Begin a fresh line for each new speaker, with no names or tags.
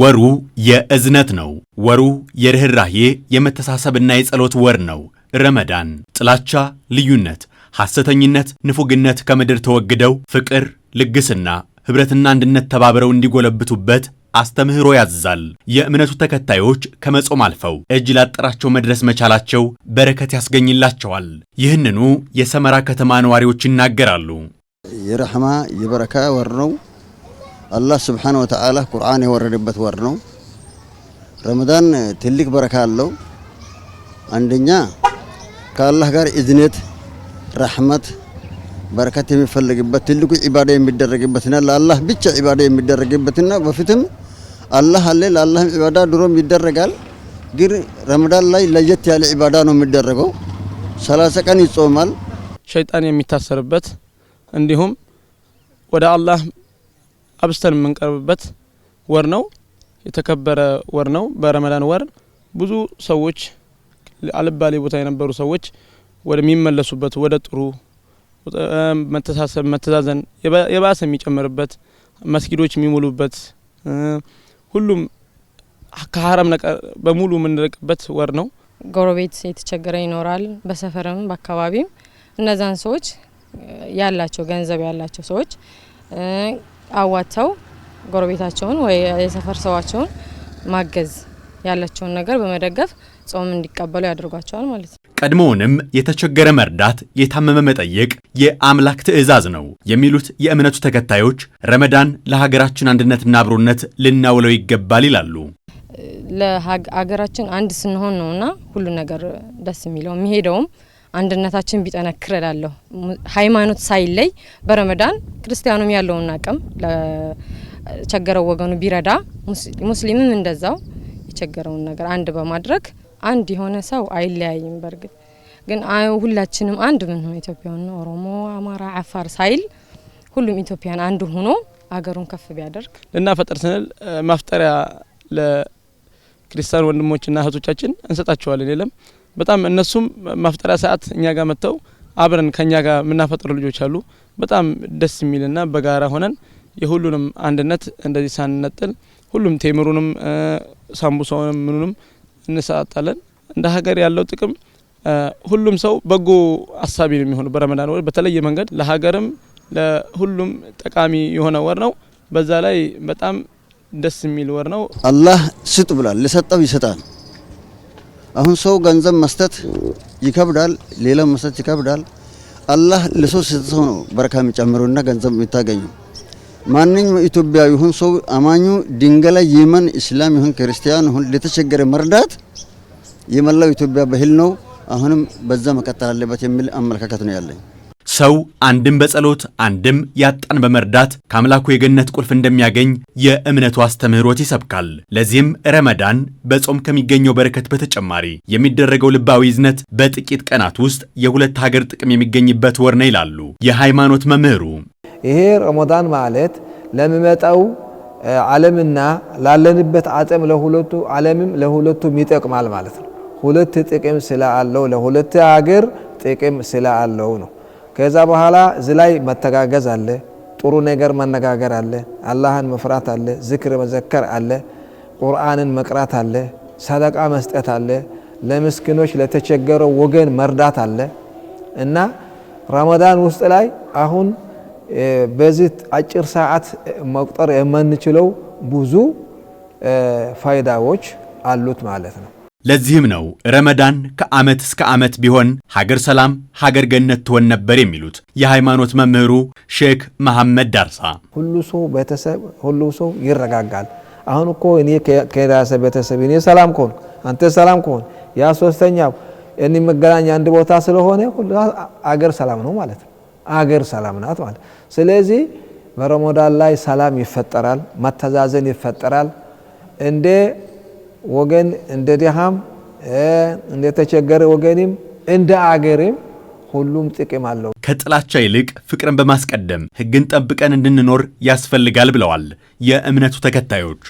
ወሩ የእዝነት ነው። ወሩ የርኅራኄ የመተሳሰብና የጸሎት ወር ነው። ረመዳን ጥላቻ፣ ልዩነት፣ ሐሰተኝነት፣ ንፉግነት ከምድር ተወግደው ፍቅር፣ ልግስና፣ ኅብረትና አንድነት ተባብረው እንዲጎለብቱበት አስተምህሮ ያዝዛል። የእምነቱ ተከታዮች ከመጾም አልፈው እጅ ላጠራቸው መድረስ መቻላቸው በረከት ያስገኝላቸዋል። ይህንኑ የሰመራ ከተማ ነዋሪዎች ይናገራሉ።
የረሕማ የበረካ ወር ነው። አላህ ስብሓነ ወተዓላ ቁርአን የወረደበት ወር ነው። ረመዳን ትልቅ በረካ አለው። አንደኛ ከአላህ ጋር እዝነት፣ ረሕመት፣ በረከት የሚፈልግበት ትልቁ ዒባዳ የሚደረግበትና ለአላህ ብቻ ዒባዳ የሚደረግበትና በፊትም አላህ አለ ለአላህም ዒባዳ ድሮም ይደረጋል። ግን ረመዳን ላይ ለየት ያለ ዒባዳ ነው የሚደረገው። ሰላሳ ቀን ይጾማል።
ሸይጣን የሚታሰርበት እንዲሁም ወደ አላህ አብስተን የምንቀርብበት ወር ነው። የተከበረ ወር ነው። በረመዳን ወር ብዙ ሰዎች አልባሌ ቦታ የነበሩ ሰዎች ወደሚመለሱበት ወደ ጥሩ መተሳሰብ፣ መተዛዘን የባሰ የሚጨምርበት መስጊዶች የሚሞሉበት ሁሉም ከሀረም በሙሉ የምንርቅበት ወር ነው።
ጎረቤት የተቸገረ ይኖራል፣ በሰፈርም በአካባቢም እነዛን ሰዎች ያላቸው ገንዘብ ያላቸው ሰዎች አዋተው ጎረቤታቸውን ወይ የሰፈር ሰዋቸውን ማገዝ ያላቸውን ነገር በመደገፍ ጾም እንዲቀበሉ ያደርጓቸዋል ማለት ነው።
ቀድሞውንም የተቸገረ መርዳት፣ የታመመ መጠየቅ የአምላክ ትእዛዝ ነው የሚሉት የእምነቱ ተከታዮች ረመዳን ለሀገራችን አንድነትና አብሮነት ልናውለው ይገባል ይላሉ።
ለሀገራችን አንድ ስንሆን ነውና ሁሉ ነገር ደስ የሚለው የሚሄደውም አንድነታችን ቢጠነክር እላለሁ። ሃይማኖት ሳይለይ በረመዳን ክርስቲያኑም ያለውን አቅም ለቸገረው ወገኑ ቢረዳ፣ ሙስሊምም እንደዛው የቸገረውን ነገር አንድ በማድረግ አንድ የሆነ ሰው አይለያይም። በእርግጥ ግን ሁላችንም አንድ ምን ሆነ ኢትዮጵያን፣ ኦሮሞ፣ አማራ፣ አፋር ሳይል ሁሉም ኢትዮጵያን አንድ ሆኖ አገሩን ከፍ ቢያደርግ
ልናፈጥር ስንል ማፍጠሪያ ለክርስቲያን ወንድሞችና እህቶቻችን እንሰጣቸዋለን የለም በጣም እነሱም ማፍጠሪያ ሰዓት እኛ ጋር መጥተው አብረን ከኛ ጋር የምናፈጥሩ ልጆች አሉ። በጣም ደስ የሚልና በጋራ ሆነን የሁሉንም አንድነት እንደዚህ ሳንነጥል ሁሉም ቴምሩንም ሳምቡሳውንም ምኑንም እንሰጣለን። እንደ ሀገር ያለው ጥቅም ሁሉም ሰው በጎ አሳቢ ነው የሚሆነው። በረመዳን ወር በተለየ መንገድ ለሀገርም ለሁሉም ጠቃሚ የሆነ ወር ነው። በዛ ላይ በጣም ደስ የሚል ወር ነው።
አላህ ስጥ ብሏል። ለሰጠው ይሰጣል። አሁን ሰው ገንዘብ መስጠት ይከብዳል፣ ሌላ መስጠት ይከብዳል። አላህ ለሰው ሲሰጠው ነው በረካ የሚጨምረውና ገንዘብ የሚታገኘው። ማንኛውም ኢትዮጵያዊ ይሁን ሰው አማኙ ድንገላ የመን እስላም ይሁን ክርስቲያን ይሁን ለተቸገረ መርዳት የመላው ኢትዮጵያ ባህል ነው። አሁንም በዛ መቀጠል አለበት የሚል አመለካከት ነው ያለኝ።
ሰው አንድም በጸሎት አንድም ያጣን በመርዳት ከአምላኩ የገነት ቁልፍ እንደሚያገኝ የእምነቱ አስተምህሮት ይሰብካል። ለዚህም ረመዳን በጾም ከሚገኘው በረከት በተጨማሪ የሚደረገው ልባዊ ዝነት በጥቂት ቀናት ውስጥ የሁለት ሀገር ጥቅም የሚገኝበት ወር ነው ይላሉ የሃይማኖት መምህሩ።
ይሄ ረመዳን ማለት ለሚመጣው ዓለምና ላለንበት አጠም ለሁለቱ ዓለምም ለሁለቱም ይጠቅማል ማለት ነው። ሁለት ጥቅም ስላለው ለሁለት ሀገር ጥቅም ስላለው ነው። ከዛ በኋላ እዚ ላይ መተጋገዝ አለ፣ ጥሩ ነገር መነጋገር አለ፣ አላህን መፍራት አለ፣ ዝክር መዘከር አለ፣ ቁርአንን መቅራት አለ፣ ሰደቃ መስጠት አለ፣ ለምስኪኖች ለተቸገረው ወገን መርዳት አለ እና ረመዳን ውስጥ ላይ አሁን በዚህ አጭር ሰዓት መቁጠር የምንችለው ብዙ ፋይዳዎች አሉት ማለት ነው።
ለዚህም ነው ረመዳን ከዓመት እስከ ዓመት ቢሆን ሀገር ሰላም ሀገር ገነት ትሆን ነበር የሚሉት የሃይማኖት መምህሩ ሼክ መሐመድ ዳርሳ።
ሁሉ ሰው ቤተሰብ ሁሉ ሰው ይረጋጋል። አሁን እኮ እኔ ከራሴ ቤተሰብ እኔ ሰላም ከሆን አንተ ሰላም ከሆን ያ ሶስተኛ እንመገናኝ አንድ ቦታ ስለሆነ አገር ሰላም ነው ማለት ነው። አገር ሰላም ናት ማለት ስለዚህ በረመዳን ላይ ሰላም ይፈጠራል፣ መተዛዘን ይፈጠራል እንዴ ወገን እንደ ድሃም እንደ ተቸገረ ወገንም እንደ አገርም ሁሉም ጥቅም አለው።
ከጥላቻ ይልቅ ፍቅርን በማስቀደም ሕግን ጠብቀን እንድንኖር ያስፈልጋል ብለዋል የእምነቱ ተከታዮች።